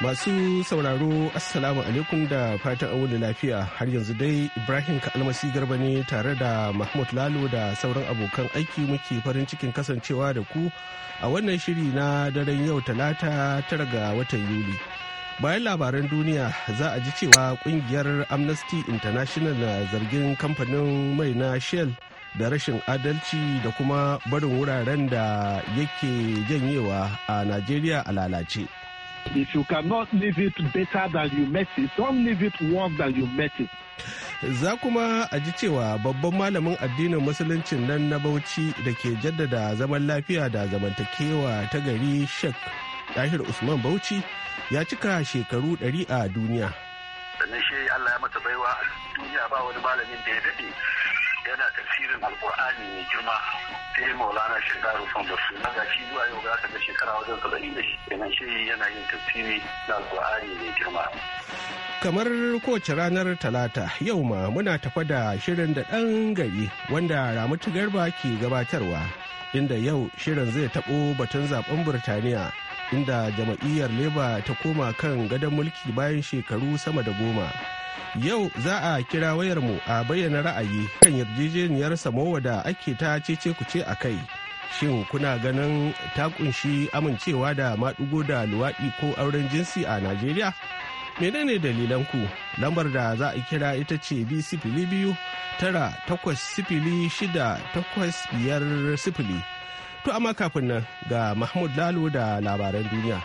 Masu sauraro Assalamu alaikum da fatan awuni lafiya har yanzu dai Ibrahim Kalmasi Garba ne tare da Mahmud Lalo da sauran abokan aiki muke farin cikin kasancewa da ku a wannan shiri na daren yau talata tara ga watan Yuli. Bayan labaran duniya za a ji cewa kungiyar Amnesty International na zargin kamfanin mai na Shell da rashin adalci da kuma barin wuraren da yake janyewa a Najeriya a lalace. If you cannot leave it better than you met it, don't leave it worse than you met it. Za kuma a ji cewa babban malamin addinin musuluncin nan na Bauchi da ke jaddada zaman lafiya da zamantakewa ta gari Sheikh Dahir Usman Bauchi ya cika shekaru ɗari a duniya. Sannan shi Allah ya mata baiwa duniya ba wani malamin da ya daɗe yana tafsirin alkur'ani mai girma sai maulana shekaru son basu na ga shi zuwa yau za da shekara wajen da shi kenan shi yana yin tafsiri na alkur'ani mai girma kamar kowace ranar talata yau ma muna tafa da shirin da ɗan gari wanda ramatu garba ke gabatarwa inda yau shirin zai taɓo batun zaben burtaniya inda jama'iyyar leba ta koma kan gadon mulki bayan shekaru sama da goma Yau za a kira wayarmu a bayyana ra'ayi kan yarjejeniyar Samowa da ake ta cece ce a kai. Shin kuna ganin ta kunshi amincewa da maɗigo da luwaɗi ko auren jinsi a Najeriya? Menene dalilan ku? Lambar da za a kira ita ce bi sifili biyu tara takwas sifili shida takwas biyar sifili. To amma kafin nan ga Mahmud Lalo da labaran duniya.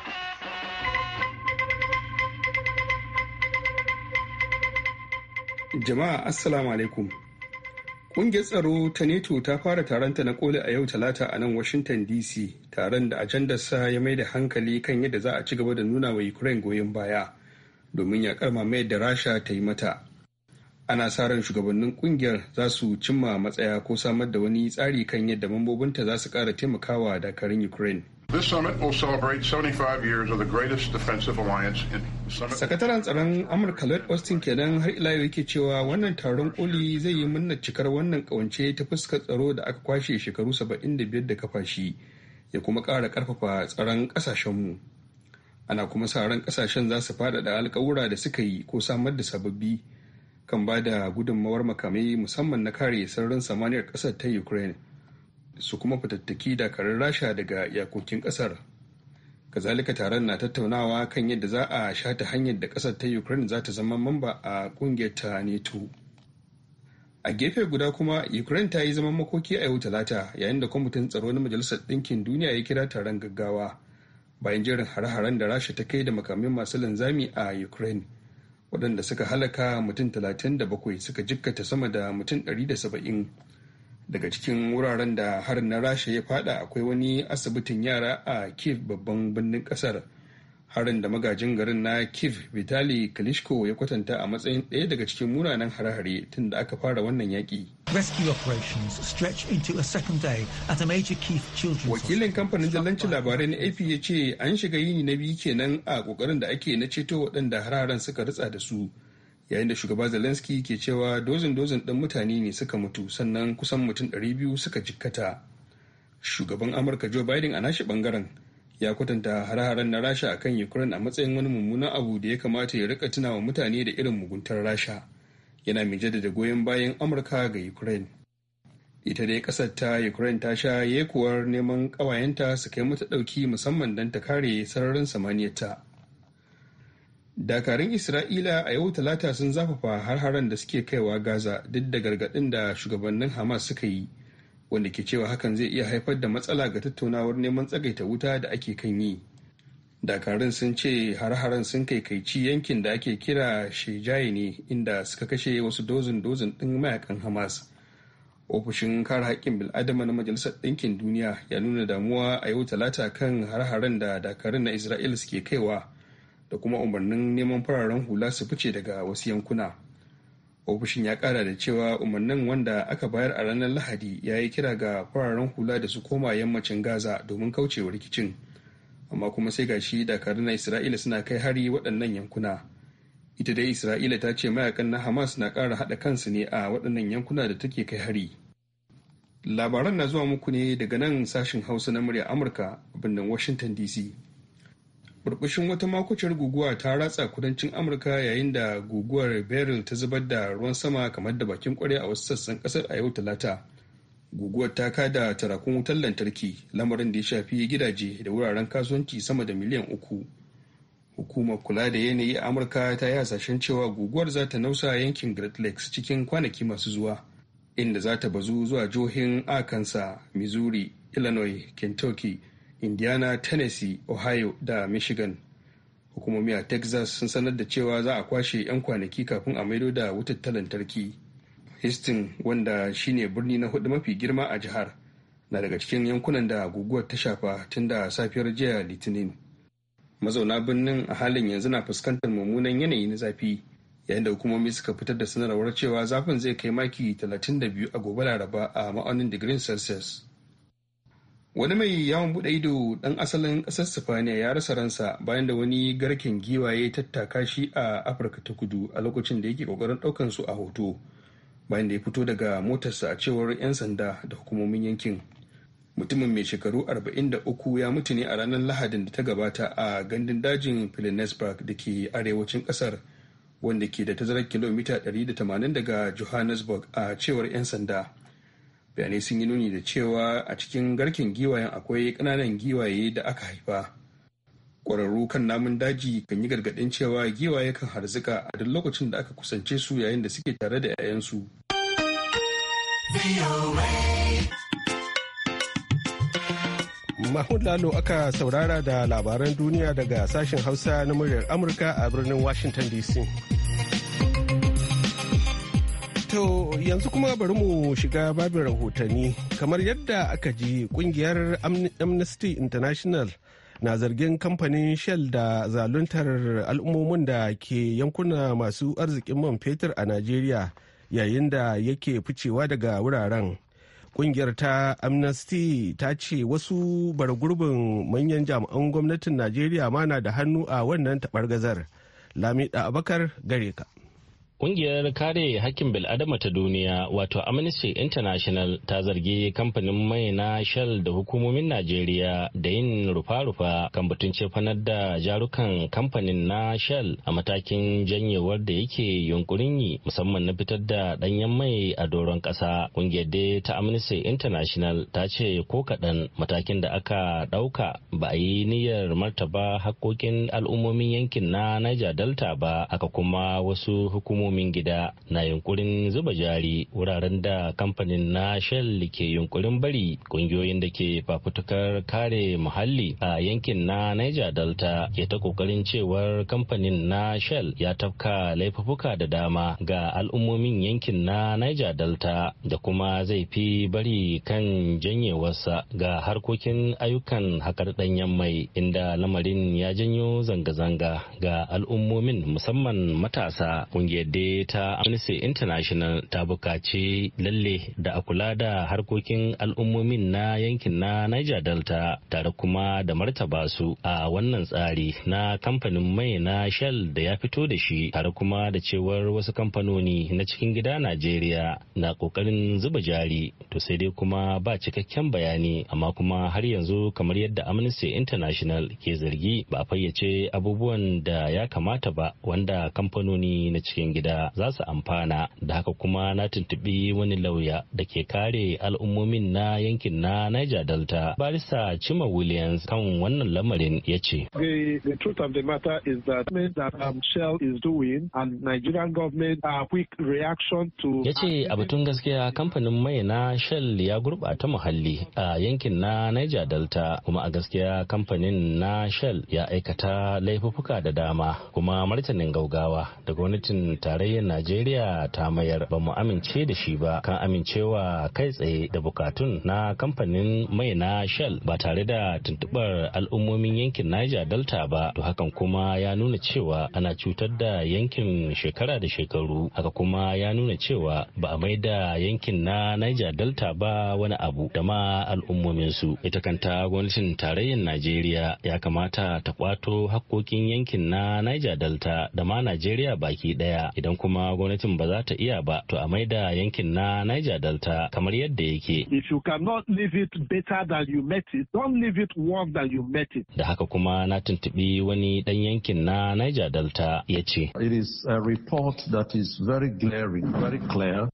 Jama'a Assalamu alaikum. Ƙungiyar tsaro ta NATO ta fara taronta na koli a yau talata a nan Washington DC, taron da ajandarsa ya mai da hankali kan yadda za a ci gaba da nuna wa Ukraine goyon baya domin yaƙar mai da Rasha ta yi mata. Ana sa ran shugabannin ƙungiyar za su cimma matsaya ko samar da wani tsari kan yadda mambobinta za su ƙara taimakawa dakarun Ukraine. Sakataren tsaron Amurka Lloyd Austin kenan har ila yake cewa wannan taron koli zai yi murnar cikar wannan kawance ta fuskar tsaro da aka kwashe shekaru 75 da kafa shi ya kuma ƙara ƙarfafa tsaron ƙasashenmu. Ana kuma sa ran ƙasashen za su faɗaɗa alƙawura da suka yi ko samar da sababbi kan ba da gudunmawar makamai musamman na kare sararin samaniyar ƙasar ta Ukraine. su kuma fitattaki dakarun rasha daga iyakokin kasar kazalika taron na tattaunawa kan yadda za a shata hanyar da kasar ta ukraine za ta zama mamba a kungiyar ta neto a gefe guda kuma ukraine ta yi zaman makoki a yau talata yayin da kwamitin tsaro na majalisar ɗinkin duniya ya kira taron gaggawa bayan jerin hare-haren da rasha ta kai da makamin masu linzami a ukraine waɗanda suka halaka mutum 37 suka jikkata sama da mutum 170 daga cikin wuraren da harin na rasha ya fada akwai wani asibitin yara a kiev babban birnin kasar harin da magajin garin na kiev vitali klitschko ya kwatanta a matsayin ɗaya daga cikin munanan hare-hare tun da aka fara wannan yaƙi. wakilin kamfanin jallancin labarai na ap ya ce an shiga yini na biyu kenan a ƙoƙarin da ake na ceto waɗanda hararen suka ritsa da su yayin da shugaba zelensky ke cewa dozin dozin ɗan mutane ne suka mutu sannan kusan mutum 200 suka jikkata shugaban amurka joe biden a nashi bangaren ya kwatanta hare-haren na rasha akan ukraine a matsayin wani mummunan abu da ya kamata ya rika tunawa mutane da irin muguntar rasha yana mai jaddada goyon bayan amurka ga ukraine ita dai kasar ta ukraine ta sha yekuwar neman kawayenta su kai mata dauki musamman don ta kare sararin samaniyarta dakarun isra'ila a yau talata sun zafafa har-haren da suke kaiwa gaza duk da gargaɗin da shugabannin hamas suka yi wanda ke cewa hakan zai iya haifar da matsala ga tattaunawar neman tsagaita wuta da ake kan yi dakarun sun ce har-haren sun kaikaici yankin da ake kira shejaye ne inda suka kashe wasu dozin-dozin ɗin mayakan hamas ofishin kare haƙƙin bil'adama na majalisar ɗinkin duniya ya nuna damuwa a yau talata kan har-haren da dakarun na isra'ila suke kaiwa da kuma umarnin neman fararen hula su fice daga wasu yankuna ofishin ya kara da cewa umarnin wanda aka bayar a ranar lahadi ya yi kira ga fararen hula da su koma yammacin gaza domin kaucewa rikicin amma kuma sai gashi dakarun na isra'ila suna kai hari waɗannan yankuna ita dai isra'ila ta ce mayakan na hamas na ƙara haɗa kansu ne a waɗannan yankuna da take kai hari labaran na zuwa muku ne daga nan sashin hausa na murya amurka birnin washington dc burbushin wata makwacin guguwa ta ratsa kudancin amurka yayin da guguwar beryl ta zubar da ruwan sama kamar da bakin kwarya a wasu sassan kasar a yau talata guguwar ta kada tarakun wutar lantarki lamarin da ya shafi gidaje da wuraren kasuwanci sama da miliyan uku hukumar kula da yanayi a amurka ta yi hasashen cewa guguwar za ta nausa yankin great lakes cikin kwanaki masu zuwa inda za ta bazu zuwa jihohin arkansas missouri illinois kentucky indiana tennessee ohio da michigan hukumomi a texas sun sanar da cewa za a kwashe 'yan kwanaki kafin a maido da wutar ta lantarki houston wanda shine birni na hudu mafi girma a jihar na daga cikin yankunan da guguwar ta shafa tun da safiyar jiya litinin mazauna birnin a halin yanzu na fuskantar mummunan yanayi na zafi yayin da hukumomi suka fitar da sanarwar cewa zafin zai kai maki 32 a gobe laraba a ma'aunin digirin celsius wani mai yawon bude ido dan asalin kasar sifaniya ya rasa ransa bayan da wani garken giwaye ya tattaka shi a afirka ta kudu a lokacin da yake kokarin daukan su a hoto bayan da ya fito daga motarsa a cewar 'yan sanda da hukumomin yankin mutumin mai shekaru 43 ya mutu ne a ranar lahadin da ta gabata a gandun dajin park da ke arewacin kasar wanda ke da tazarar kilomita 180 daga johannesburg a cewar 'yan sanda bayanai sun yi nuni da cewa a cikin garken giwayen akwai kananan giwaye da aka haifa ƙwararru kan namun daji kan yi gargaɗin cewa giwaye kan harzuka a duk lokacin da aka kusance su yayin da suke tare da 'ya'yansu. Mahmud Lalo aka saurara da labaran duniya daga sashen Hausa na muryar Amurka a birnin Washington DC. To yanzu kuma bari mu shiga babin rahotanni kamar yadda aka ji kungiyar Amnesty International na zargin kamfanin Shell da zaluntar al'ummomin da ke yankuna masu arzikin man fetur a Najeriya yayin da yake ficewa daga wuraren. Kungiyar ta Amnesty ta ce wasu bargurbin manyan jami'an gwamnatin Najeriya ma na da hannu a wannan gazar Lamida Abakar gare ka. Ƙungiyar kare hakkin bil'adama ta duniya wato Amnesty International ta zargi kamfanin mai na Shell da hukumomin Najeriya da yin rufa-rufa kan batun cefanar da jarukan kamfanin na Shell a matakin janyewar da yake yunkurin yi musamman na fitar da ɗanyen mai a doron ƙasa. Ƙungiyar dai ta Amnesty International ta ce ko kaɗan matakin da aka ɗauka ba a yi niyyar martaba hakkokin al'ummomin yankin na Niger Delta ba aka kuma wasu hukumomi hukumomin gida na yunkurin zuba jari wuraren da kamfanin na shell ke yunkurin bari kungiyoyin da ke fafutukar kare muhalli a yankin na niger delta ke ta kokarin cewar kamfanin na shell ya tafka laifuka da dama ga al'ummomin yankin na niger delta da kuma zai fi bari kan janyewarsa ga harkokin ayyukan hakar danyen mai inda lamarin ya janyo zanga-zanga ga al'ummomin musamman matasa kungiyar dai ta amnesty international ta bukaci lalle da a kula da harkokin al'ummomin na yankin na niger delta tare kuma da martaba su a wannan tsari na kamfanin mai na shell da ya fito da shi tare kuma da cewar wasu kamfanoni na cikin gida najeriya na kokarin zuba jari to sai dai kuma ba cikakken bayani amma kuma har yanzu kamar yadda amnesty international ke zargi ba a fayyace abubuwan da ya kamata ba wanda kamfanoni na cikin gida da za su amfana da haka kuma na tuntubi wani lauya da ke kare al'ummomin na yankin na niger delta barista chima williams kan wannan lamarin ya ce the truth of the matter is that that um, shell is doing and nigerian government are uh, quick reaction to ya ce a batun gaskiya kamfanin mai na shell ya gurbata muhalli a yankin na niger delta kuma a gaskiya kamfanin na shell ya aikata laifuka da dama kuma martanin gaugawa da gwamnatin ta tarayyar najeriya ta mayar ba mu amince da shi ba kan amincewa kai tsaye da bukatun na kamfanin mai na shell ba tare da tuntubar al'ummomin yankin niger delta ba to hakan kuma ya nuna cewa ana cutar da yankin shekara da shekaru haka kuma ya nuna cewa ba a mai da yankin na niger delta ba wani abu da ma al'ummominsu ita kanta gwamnatin tarayyar najeriya ya kamata ta kwato hakkokin yankin na niger delta da ma najeriya baki daya idan kuma gwamnatin ba za ta iya ba to a maida yankin na Niger Delta kamar yadda yake. If you cannot leave it better than you met it, don't leave it worse than you met it. Da haka kuma na tuntubi wani dan yankin na Niger Delta ya ce. It is a report that is very glaring, very clear.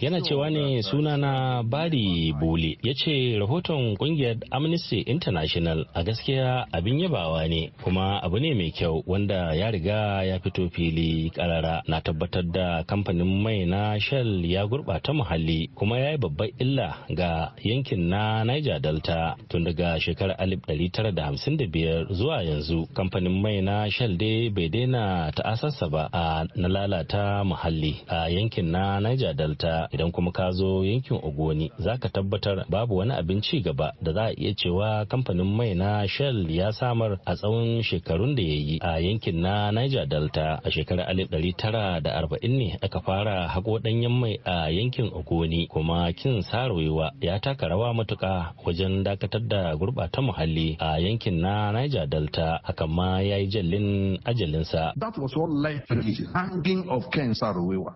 Yana cewa ne uh, suna na Bari Bole yace rahoton kungiyar Amnesty International a gaskiya abin yabawa ne kuma abu ne mai kyau wanda ya riga ya fito fili karara na tabbatar da kamfanin mai na shell ya gurɓata muhalli kuma ya yi babbar illa ga yankin na niger delta tun daga shekarar 1955 zuwa yanzu kamfanin mai na shell dai bai daina ta'asarsa ba a na lalata muhalli a yankin na niger delta idan kuma ka zo yankin ogoni za ka tabbatar babu wani abin ci gaba da za a iya cewa kamfanin mai na shell ya samar a tsawon shekarun da ya yi a yankin na niger delta a shekarar tara. da arba'in ne aka fara haƙo ɗanyen mai a yankin ogoni kuma kin sarowa ya taka rawa matuƙa wajen dakatar da gurɓata muhalli a yankin na niger delta hakan ma ya yi jallin ajalinsa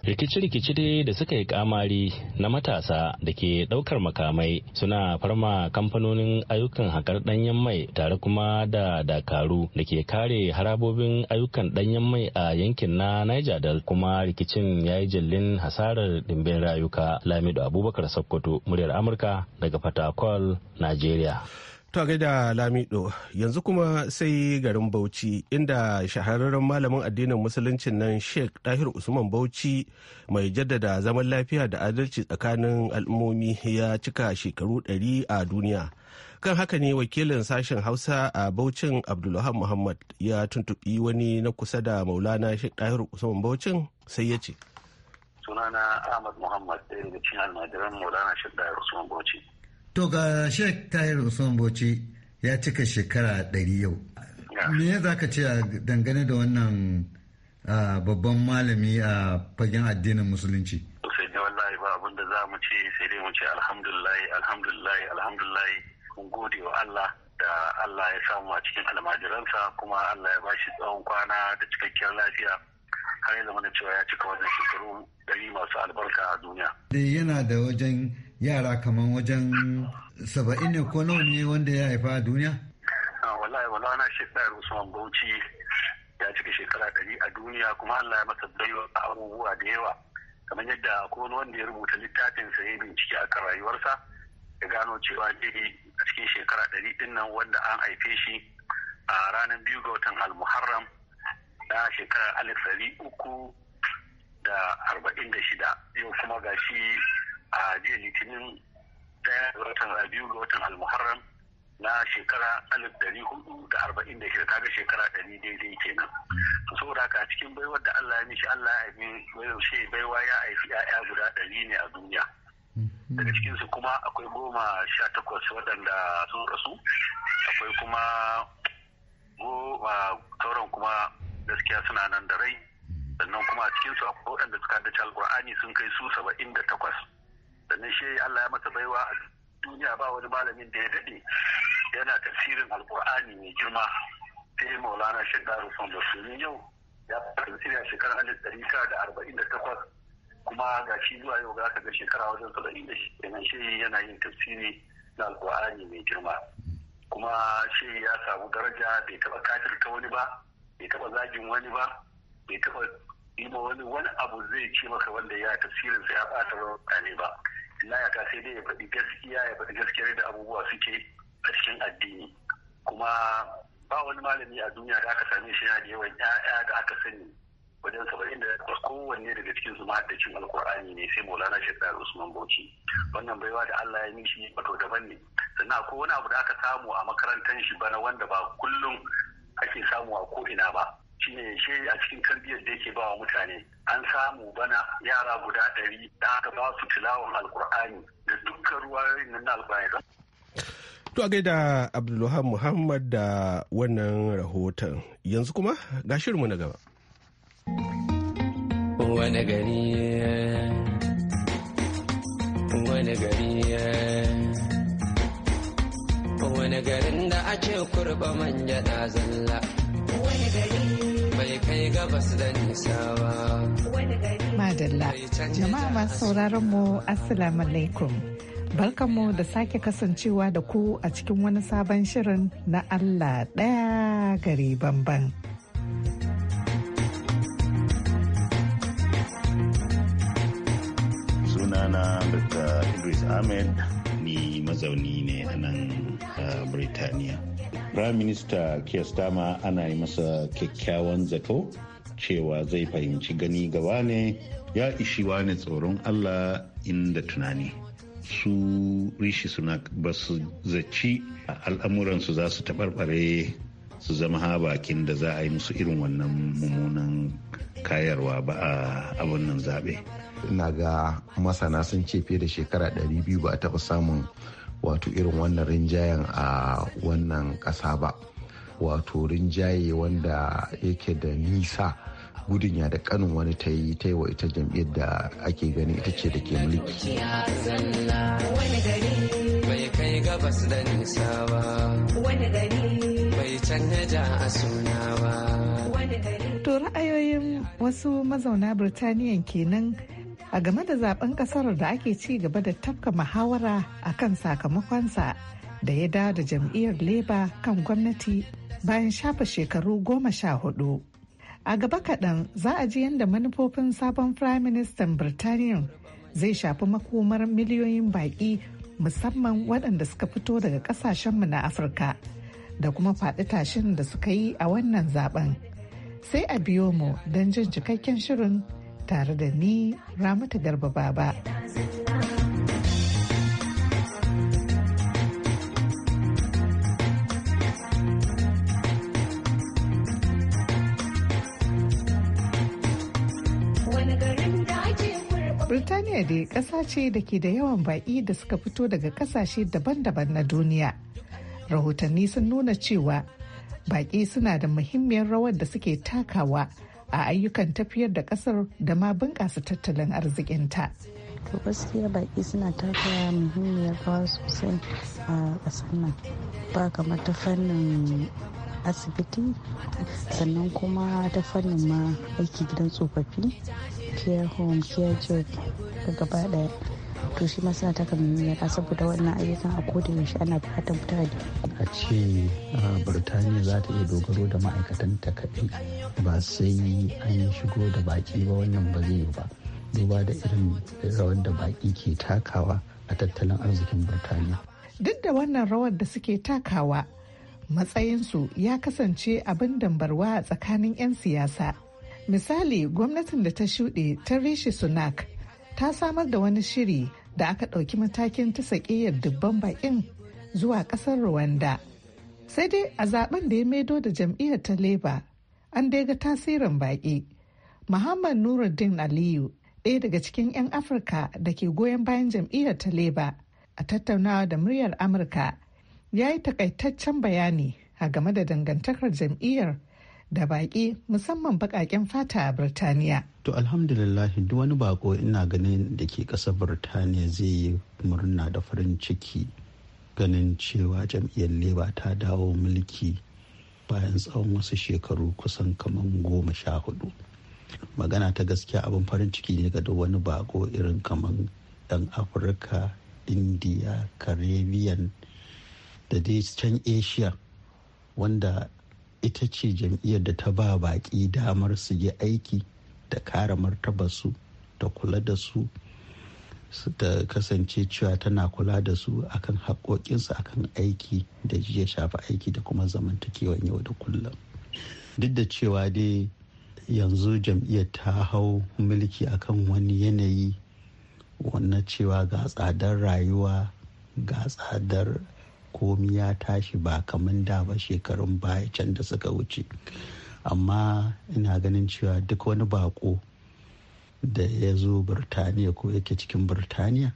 rikici-rikici dai da suka yi kamari na matasa da ke ɗaukar makamai suna farma kamfanonin ayyukan haƙar ɗanyen mai tare kuma da dakaru da ke kare harabobin ayyukan ɗanyen mai a yankin na niger delta kuma rikicin ya yi jallin hasarar dimbin rayuka lamido abubakar sokoto muryar amurka daga fatakwal nigeria To gaida Lamido yanzu kuma sai garin Bauchi inda shahararren malamin addinin musuluncin nan Sheikh Dahir Usman Bauchi mai jaddada zaman lafiya da adalci tsakanin al'ummomi ya cika shekaru 100 a duniya. kan haka ne wakilin sashen hausa a baucin Abdullahi muhammad ya tuntubi wani na kusa da maulana shi ɗahir usman baucin sai ya ce sunana ahmad muhammad ɗaya daga cikin almajiran maulana shi ɗahir usman bauchi to ga shi ɗahir usman bauchi ya cika shekara ɗari yau me ya za ka ce dangane da wannan babban malami a fagen addinin musulunci sai dai wallahi ba abin da za mu ce sai dai mu ce alhamdulillah alhamdulillah alhamdulillah mun gode wa Allah da Allah ya samu a cikin almajiransa kuma Allah ya ba shi tsawon kwana da cikakkiyar lafiya har yi zama cewa ya cika wannan shekaru dari masu albarka a duniya. Dai eh, yana da wajen yara kamar wajen saba'in ne ko nawa ne wanda ya haifa a duniya? Wallahi wallahi na shekaru Usman Bauchi ya cika shekara dari a duniya kuma Allah ya masa baiwa abubuwa da yawa kamar yadda akwai wanda ya rubuta littafin sa ya bincike akan rayuwarsa ya gano cewa dai a cikin shekara ɗari ɗin nan wanda an haife shi a ranar biyu ga watan almuharram na shekarar alif ɗari uku da arba'in da shida yau kuma ga shi a jiya litinin ɗaya ga watan biyu ga watan almuharram na shekara alif dari hudu da arba'in da shida kaga shekara ɗari daidai kenan so saboda ka a cikin baiwar da Allah ya mishi Allah ya mi baiwa ya haifi 'ya'ya guda ɗari ne a duniya daga cikinsu kuma akwai goma sha takwas waɗanda sun rasu akwai kuma goma sauran kuma gaskiya suna nan da rai sannan kuma a cikinsu akwai waɗanda suka haddace alkur'ani sun kai su saba'in da takwas sannan shi allah ya masa baiwa a duniya ba wani malamin da ya daɗe yana tafsirin alkur'ani mai girma sai maulana shaddaru son da yau ya fara tafsiri a shekarar alif ɗari da arba'in da takwas kuma ga shi zuwa yau ga ka ga shekara wajen saba'in da kenan shi yana yin tafsiri na alkur'ani mai girma kuma shi ya samu daraja bai taba ta wani ba bai taba zagin wani ba bai taba ma wani wani abu zai ce maka wanda ya tafsirin sa ya bata mutane ba illa ya ta sai dai ya faɗi gaskiya ya faɗi gaskiyar da abubuwa suke a cikin addini kuma ba wani malami a duniya da aka same shi yana da yawan 'ya'ya da aka sani wajen saba'in da kowanne daga cikin su mahaddacin alkur'ani ne sai maulana shaidar usman bauchi wannan baiwa da allah ya mishi wato daban ne sannan akwai wani abu da aka samu a makarantar shi bana wanda ba kullum ake samu a ko'ina ba shi ne yaushe a cikin tarbiyyar da yake bawa mutane an samu bana yara guda ɗari da aka ba su tilawan alkur'ani da dukkan ruwa nan na alkur'ani To a gaida Abdulluhan Muhammad da wannan rahoton yanzu kuma ga shirinmu na gaba. wani gari wani gari wani garin da ake kurba manja da zalla wani gari bai kai gabas da nisa ba wani gari madalla jama'a masu sauraron mu assalamu alaikum Barkanmu da sake kasancewa da ku a cikin wani sabon shirin na Allah ɗaya gari bamban. Ahmed ni mazauni ne a nan Birtaniya. Prime Minister Keir ana yi masa kyakkyawan zato cewa zai fahimci gani gaba ne ya ishi wani tsoron Allah inda tunani. Su rishi suna ba su zaci al'amuransu za su taɓarɓare su zama ha bakin da za a yi musu irin wannan mummunan kayarwa ba a abin nan zaɓe. ina ga masana sun ce fiye da shekara 200 ba a taɓa samun wato irin wannan rinjayen a wannan ƙasa ba wato rinjaye wanda yake da nisa gudun ya da kanin wani ta yi ta yi wa ita jam'iyyar da ake gani ita ce da ke mulki bai kai gabas da nisa ba wani gari bai canja a suna ba to ra'ayoyin wasu mazauna birtaniyan kenan a game da zaben kasar da ake ci gaba da tafka muhawara a kan sakamakonsa da ya da da jam'iyyar leba kan gwamnati bayan shafa shekaru goma sha hudu a gaba kaɗan za a ji yadda manufofin sabon prime minister birtaniya zai shafi makomar miliyoyin baƙi musamman waɗanda suka fito daga ƙasashenmu na afirka da kuma faɗi tashin da suka yi a wannan zaben sai a biyo mu don jin cikakken shirin tare da ni ramata garba baba. Birtaniya dai ƙasa ce da ke da yawan baƙi da suka fito daga ƙasashe daban-daban na duniya. Rahotanni sun nuna cewa baƙi suna da muhimmiyar rawar da suke takawa a ayyukan tafiyar da kasar da ma bunƙasa tattalin arzikinta. to gaskiya baki suna taka muhimmiyar rawa sosai a ƙasar nan ba kamar ta fannin asibiti sannan kuma ta fannin ma aiki gidan tsofaffi care home care job gaba daya to shi ma suna taka muhimmiyar saboda wannan ayyukan a koda yaushe ana bukatar mutane a ce birtaniya za ta iya dogaro da ma'aikatan ta kaɗai ba sai an shigo da baƙi ba wannan ba zai yi ba duba da irin rawar da baki ke takawa a tattalin arzikin birtaniya duk da wannan rawar da suke takawa matsayinsu ya kasance abin dambarwa tsakanin 'yan siyasa misali gwamnatin da ta shuɗe ta rishi sunak ta samar da wani shiri da aka ɗauki matakin ta sakiyar dubban baƙin zuwa ƙasar Rwanda. Sai dai a zaben da ya maido da jam'iyyar ta Labour an dai ga tasirin baƙi. Muhammad Nuruddin Aliyu ɗaya daga cikin 'yan Afirka da ke goyon bayan jam'iyyar ta Labour a tattaunawa da muryar Amurka ya yi takaitaccen bayani a game da dangantakar jam'iyyar da baƙi musamman baƙaƙen fata a Birtaniya. To alhamdulillah duk wani bako ina ganin da ke ƙasar Birtaniya zai yi murna da farin ciki ganin cewa jam'iyyar Leba ta dawo mulki bayan tsawon wasu shekaru kusan kamar goma sha hudu. Magana ta gaskiya abin farin ciki ne ga wani bako irin kamar ɗan Afirka, Indiya, Caribbean da dai can Asia wanda ita ce jam'iyyar da ta ba baƙi damar su yi aiki da kare martabarsu da kula da su da kasance cewa tana kula da su akan haƙoƙinsu akan aiki da ya shafi aiki da kuma zamantakewan yau da kullum duk da cewa dai yanzu jam'iyyar ta hau mulki akan wani yanayi wannan cewa ga tsadar rayuwa ga tsadar komi ya tashi ba kamar da ba shekarun baya can da suka wuce amma ina ganin cewa duk wani bako da ya zo birtaniya ko yake cikin birtaniya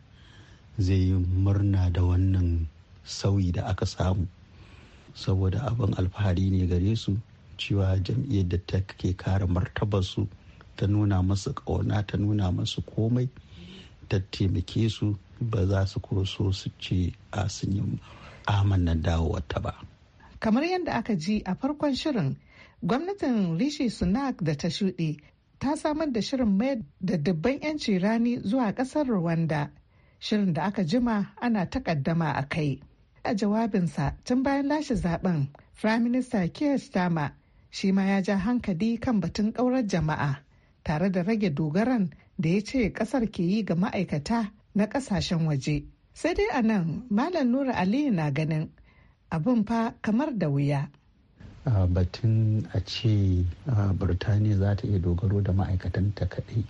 zai yi murna da wannan sauyi da aka samu saboda abin alfahari ne gare su cewa jam'iyyar da ta ke kara martabarsu ta nuna masu ƙauna ta nuna masu komai ta taimake su ba za su so su ce a sun yi amannan dawowarta ba. Kamar yadda aka ji a farkon shirin, gwamnatin Rishi Sunak da ta shuɗe ta samar da shirin mayar da dubban 'yanci rani zuwa ƙasar Rwanda, shirin da aka jima ana takaddama a kai. A jawabinsa tun bayan lashe zaben, Firaminista Keir Starmer shi ma ya ja hankali kan batun ƙaurar jama'a tare da rage dogaran da ya ce ƙasar ke yi ga ma'aikata na ƙasashen waje. sai dai a nan malam nura aliyu na ganin abin fa kamar da wuya Uh, batun a ce uh, birtaniya za ta iya dogaro da ma'aikatanta kaɗai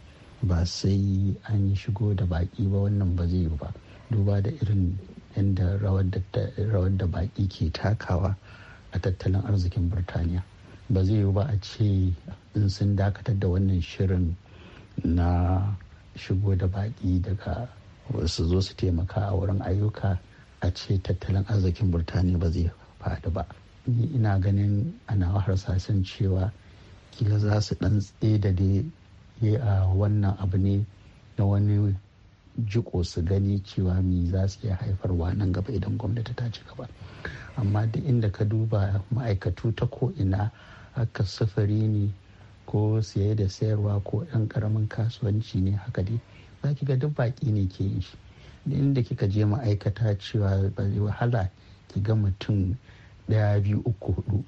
ba sai an shigo da baƙi ba wannan ba zai yi ba duba da irin yadda rawar da baƙi ke takawa a tattalin arzikin birtaniya ba zai yi ba a ce in sun dakatar da wannan shirin na shigo da baƙi daga su zo su taimaka a wurin ayyuka a ce tattalin arzikin burtaniya ba zai faɗi ba ni ina ganin ana harsashen cewa kila za su ɗan da dai a wannan abu ne na wani jiko su gani cewa mi za su iya haifarwa nan gaba idan gwamnati ta ci gaba amma duk inda ka duba ma'aikatu ta ko'ina haka sufuri ne ko siye da sayarwa ko yan karamin kasuwanci ne haka dai za ki ga duk baki ne ke yi shi inda kika je ma'aikata cewa ba wahala ki ga mutum daya biyu uku hudu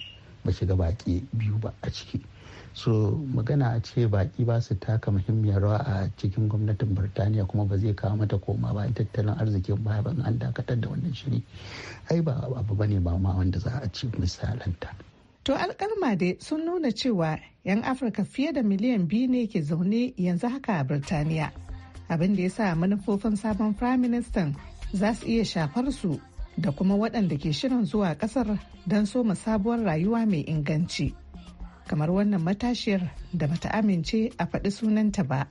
ba shiga baki biyu ba a ciki so magana a ce baki ba su taka muhimmiyar rawa a cikin gwamnatin birtaniya kuma ba zai kawo mata koma ba tattalin arzikin baya ban an dakatar da wannan shiri ai ba abu ba ne ba ma wanda za a ci misalanta to alkalma dai sun nuna cewa 'yan afirka fiye da miliyan biyu ne ke zaune yanzu haka a birtaniya abin da ya sa manufofin sabon prime minister za su iya shafar su da kuma waɗanda ke shirin zuwa ƙasar don soma sabuwar rayuwa mai inganci kamar wannan matashiyar da bata amince a faɗi sunanta ba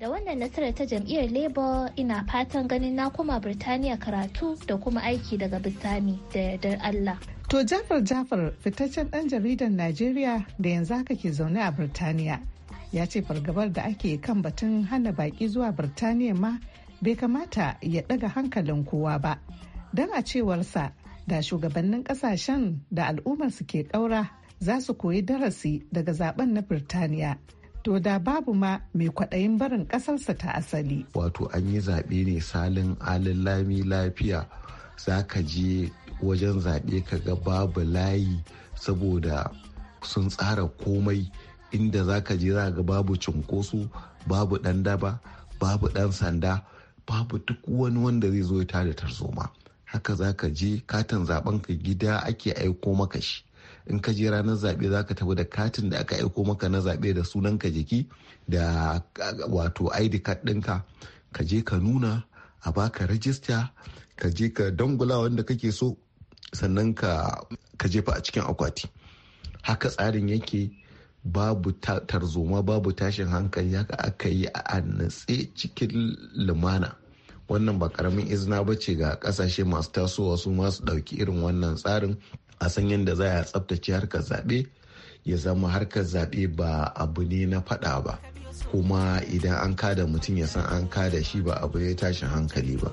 da wannan nasarar ta jam'iyyar labour ina fatan ganin na koma birtaniya karatu da kuma aiki daga bisani da yardar allah to jafar jafar fitaccen ɗan jaridar najeriya da yanzu haka ke zaune a birtaniya ya ce fargabar da ake kan batun hana baki zuwa birtaniya ma bai kamata ya daga hankalin kowa ba don a cewarsa da shugabannin kasashen da al'ummar su ke ƙaura za su koyi darasi daga zaben na birtaniya to da babu ma mai kwaɗayin barin ƙasarsa ta asali wato an yi zaɓe ne salin alin lami lafiya za ka je wajen zaɓe ka ga babu layi saboda sun tsara komai inda za ka je za ga babu cunkoso babu ɗan daba babu ɗan sanda babu duk wani wanda zai zo ya da tarzoma haka za ka je katin zaben ka gida ake aiko maka shi in ka je ranar zaɓe za ka tafi da katin da aka aiko maka na zaɓe da sunan ka jiki da wato id card ɗinka ka je ka nuna a baka rajista ka je ka dangula wanda kake so sannan ka jefa a cikin akwati haka tsarin yake babu tarzoma babu tashin hankali haka aka yi a natse cikin lumana wannan ba karamin izina ba ce ga kasashe masu tasowa su masu ɗauki irin wannan tsarin a san yadda za a tsabtace harkar zaɓe ya zama harkar zaɓe ba abu ne na faɗa ba kuma idan an kada mutum ya san an kada shi ba abu ya tashin hankali ba.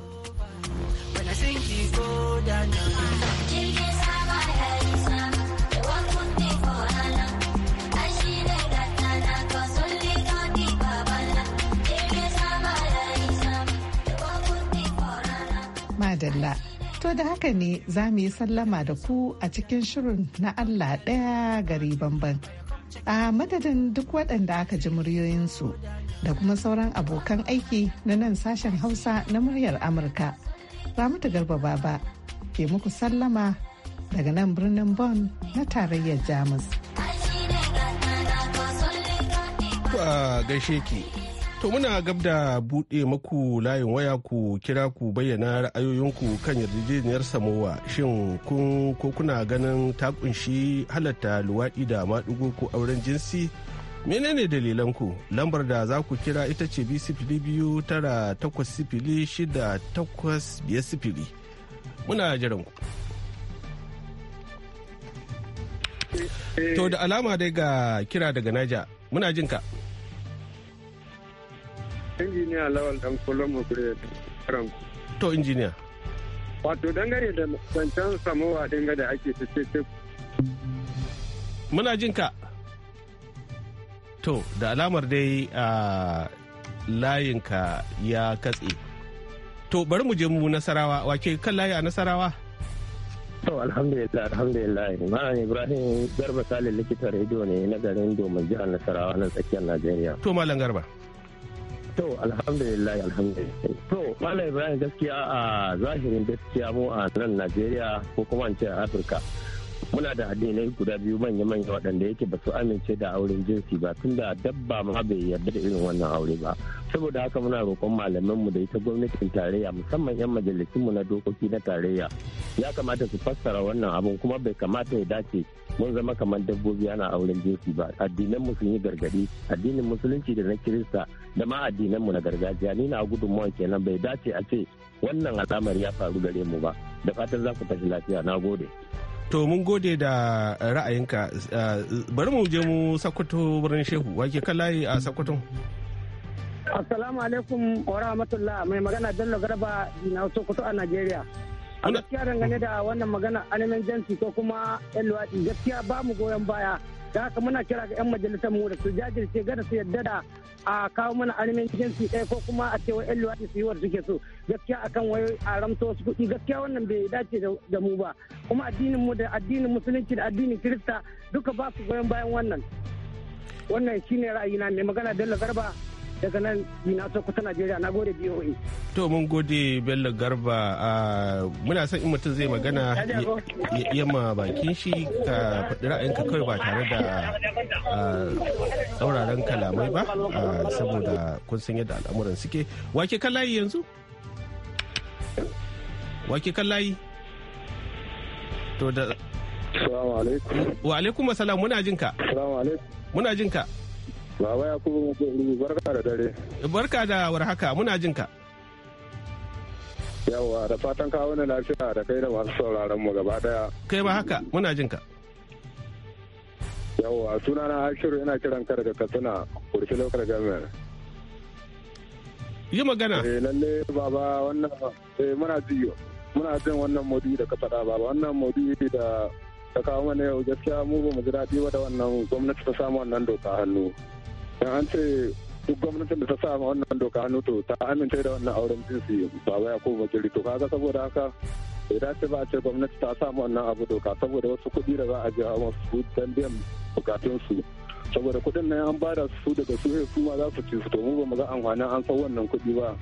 madalla. To da haka ne za mu yi sallama da ku a cikin shirin na Allah ɗaya gari bamban. A madadin duk waɗanda aka ji muryoyinsu da kuma sauran abokan aiki na nan sashen Hausa na muryar Amurka. za ta Garba Baba ke muku sallama daga nan birnin Bon na tarayyar Jamus. Ba gaishe ki. To muna gab da buɗe maku layin waya ku kira ku bayyana ra'ayoyinku kan yarjejeniyar Samowa shin kun ko kuna ganin ta kunshi halatta luwaɗi da maɗigo ko auren jinsi menene dalilan ku lambar da za ku kira ita ce bi sifili biyu tara takwas sifili shida takwas biyar sifili muna jiran ku. To da alama dai ga kira daga Naja, muna jinka. ka. injiniya lawal dan to injiniya wato dangane da zancen samowa dinga da ake cece muna jinka. to da alamar dai a layinka ya katse to bari mu je mu nasarawa wake kan layi a nasarawa to alhamdulillah alhamdulillah malam ibrahim garba salin likita rediyo ne na garin domin jihar nasarawa na tsakiyar najeriya to malam garba To alhamdulillah alhamdulillah. To Malam Ibrahim gaskiya a zahirin gaskiya mu a nan Najeriya ko kuma in ce a Afirka. Muna da addinai guda biyu manya-manya waɗanda yake ba su amince da auren jinsi ba tunda dabba ma bai yarda da irin wannan aure ba. Saboda haka muna roƙon mu da ita gwamnatin tarayya musamman 'yan majalisun mu na dokoki na tarayya ya kamata su fassara wannan abun kuma bai kamata ya dace mun zama kamar dabbobi ana auren jinsi ba. Addinan mu sun yi gargadi addinin musulunci da na kirista da ma addinan mu na gargajiya ni na gudunmawa kenan bai dace a ce wannan al'amari ya faru gare mu ba da fatan za ku tafi lafiya na gode to mun gode da ra'ayinka eh, bari mu je mu sakwato birnin shehu wake layi a sakkwaton assalamu alaikum wa rahmatullah mai magana bello garba na sokoto a najeriya a gaskiya dangane da wannan magana animen jansi ko kuma yan luwaɗi gaskiya ba mu goyon baya da haka muna kira ga 'yan majalisar mu da su jajirce gada su yadda da a kawo mana armin jinsi ɗaya ko kuma a ce 'yan luwaɗi su yi wa suke so gaskiya akan wai a ramta wasu kuɗi gaskiya wannan bai dace da mu ba kuma addinin mu da addinin musulunci da addinin kirista duka ba su goyon bayan wannan wannan shine ra'ayina mai magana dalla Garba daga nan na sokoto najeriya na gode boa to mun gode bello garba muna son in mutum zai magana ya ma bakin shi ka faɗi ra'ayinka kawai ba tare da tsauraran kalamai ba saboda kun san yadda al'amuran suke wake kan layi yanzu wake kan layi to da Salamu alaikum. Wa alaikum salam muna jinka. Salamu alaikum. Muna jinka. Baba barka da dare. Barka da warhaka muna jin ka. Yawwa da fatan kawo na lafiya da kai da masu sauraron mu gaba daya. Kai ba haka muna jin ka. Yawwa sunana Ashiru yana kiran ka daga Katsina, Kurfi Lokar Gamer. Yi magana. Eh lalle baba wannan eh muna jiyo. Muna jin wannan modi da ka faɗa baba wannan modi da ta kawo mana yau gaskiya mu ba mu ji daɗi ba da wannan gwamnati ta samu wannan doka hannu. Idan an ce duk gwamnatin da ta sa wannan doka hannu to ta amince da wannan auren jinsi ba wai ko bakiri to kaga saboda haka bai dace ba a ce gwamnati ta sa wannan abu doka saboda wasu kuɗi da za a je a masu dan biyan bukatunsu saboda kuɗin nan an bada su daga su ne su ma za su ci su to mu ba mu ga amfani an san wannan kuɗi ba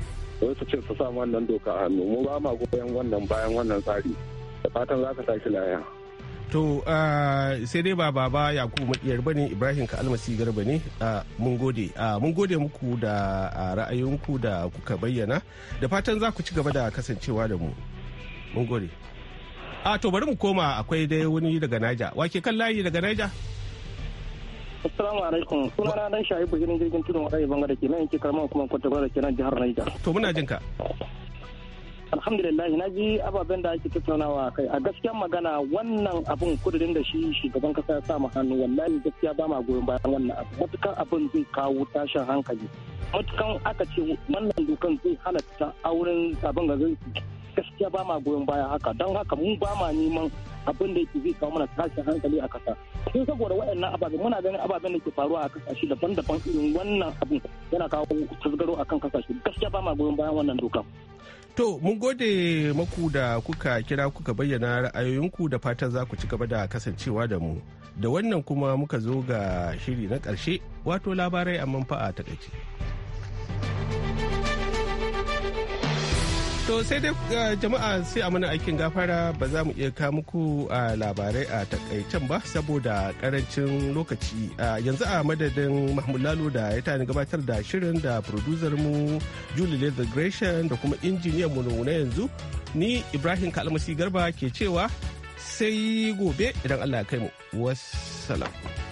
wai su ce su sa wannan doka hannu mu ba ma goyon wannan bayan wannan tsari da fatan za ka tashi laya. To sai dai ba baba Yakubu Maɗiyar bane Ibrahim ka almasi garba ne mun gode. Mun gode muku da ra'ayinku da kuka bayyana da fatan za ku ci gaba da kasancewa da mu. Mun gode. A to bari mu koma akwai dai wani daga Naija. Wake kan layi daga Naija? Assalamu alaikum. na dan Shahibu jirgin jirgin tudun wadai bangare ke nan yake karama kuma kwatakwata da ke nan jihar Naija. To muna jinka. alhamdulillah na ji ababen da ake tattaunawa kai a gaskiyar magana wannan abun kudirin da shi shugaban kasa ya sa hannu wallahi gaskiya ba ma goyon bayan wannan abu matukan abin zai kawo tashin hankali matukan aka ce wannan dokan zai halatta auren abin ga zai gaskiya ba ma goyon baya haka don haka mun ba ma neman abin da yake zai kawo mana tashin hankali a kasa sun saboda waɗannan ababen muna ganin ababen da ke faruwa a kasashe daban-daban irin wannan abin yana kawo tasgaro a kan kasashe gaskiya ba ma goyon bayan wannan doka. To mun gode maku da kuka kira kuka bayyana ra'ayoyinku da fatan za ku ci gaba da kasancewa da mu. Da wannan kuma muka zo ga shiri na ƙarshe wato labarai a manfa'a ta ƙarshe. To sai dai uh, jama'a sai a mana aikin gafara ba za mu iya ka muku uh, labarai a takaicen ba saboda karancin lokaci uh, yanzu a madadin Mahmud Lalo da ya tani gabatar da shirin da producer mu Julie Leather Gresham da kuma injiniyan mu na yanzu ni Ibrahim Kalmasi Garba ke cewa sai gobe idan Allah ya kai mu. Wassalam.